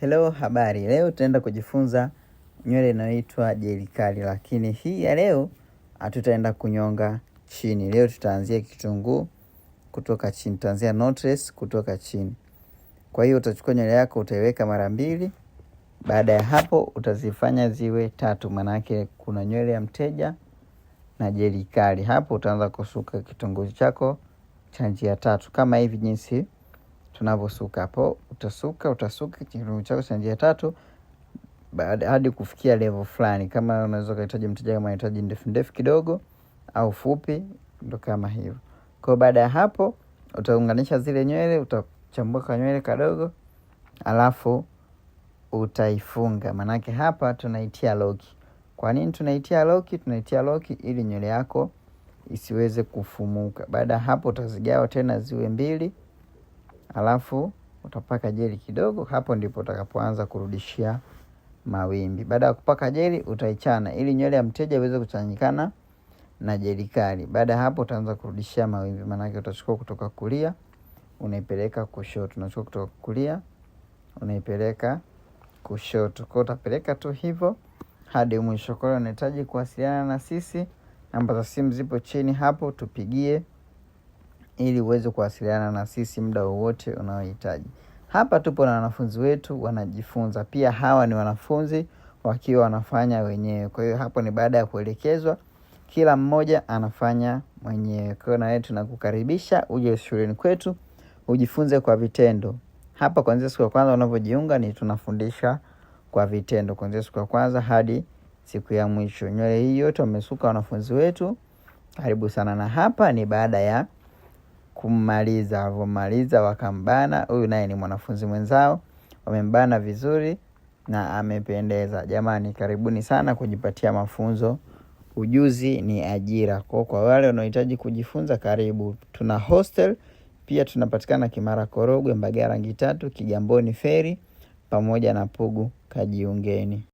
Hello, habari. Leo tutaenda kujifunza nywele inayoitwa jeli kali, lakini hii ya leo hatutaenda kunyonga chini. Leo tutaanzia kitunguu kutoka chini, tutaanzia notres kutoka chini. Kwa hiyo utachukua nywele yako utaiweka mara mbili. Baada ya hapo utazifanya ziwe tatu, maanake kuna nywele ya mteja na jeli kali. Hapo utaanza kusuka kitunguu chako cha njia tatu kama hivi jinsi tunavyosuka hapo. Utasuka utasuka kirugu chako cha njia tatu baada hadi kufikia level fulani, kama unaweza kuhitaji mteja kama anahitaji ndefu ndefu kidogo au fupi, ndo kama hivyo. Kwa baada ya hapo utaunganisha zile nywele, utachambua kwa nywele kadogo, alafu utaifunga. Maanake hapa tunaitia loki. Kwa nini tunaitia loki? Tunaitia loki ili nywele yako isiweze kufumuka. Baada ya hapo utazigawa tena ziwe mbili alafu utapaka jeli kidogo. Hapo ndipo utakapoanza kurudishia mawimbi. Baada ya kupaka jeli, utaichana ili nywele ya mteja iweze kuchanganyikana na jeli kali. Baada ya hapo, utaanza kurudishia mawimbi, yake utachukua kutoka kulia unaipeleka kushoto, unachukua kutoka kulia unaipeleka kushoto. Kwa utapeleka tu hivyo hadi mwisho. Kwa hiyo unahitaji kuwasiliana na sisi, namba za simu zipo chini hapo, tupigie ili uweze kuwasiliana na sisi muda wowote unaohitaji. Hapa tupo na wanafunzi wetu wanajifunza. Pia hawa ni wanafunzi wakiwa wanafanya wenyewe. Kwa hiyo hapo ni baada ya kuelekezwa, kila mmoja anafanya mwenyewe. Kwa hiyo na wewe tunakukaribisha uje shuleni kwetu ujifunze kwa vitendo. Hapa kuanzia siku ya kwanza unavyojiunga ni tunafundisha kwa vitendo kuanzia siku ya kwanza hadi siku ya mwisho. Nywele hii yote wamesuka wanafunzi wetu. Karibu sana na hapa ni baada ya kummaliza. Alivyomaliza wakambana, huyu naye ni mwanafunzi mwenzao, wamembana vizuri na amependeza. Jamani, karibuni sana kujipatia mafunzo. Ujuzi ni ajira kwao. Kwa wale wanaohitaji kujifunza, karibu. Tuna hostel pia, tunapatikana Kimara Korogwe, Mbagala Rangi Tatu, Kigamboni Feri pamoja na Pugu. Kajiungeni.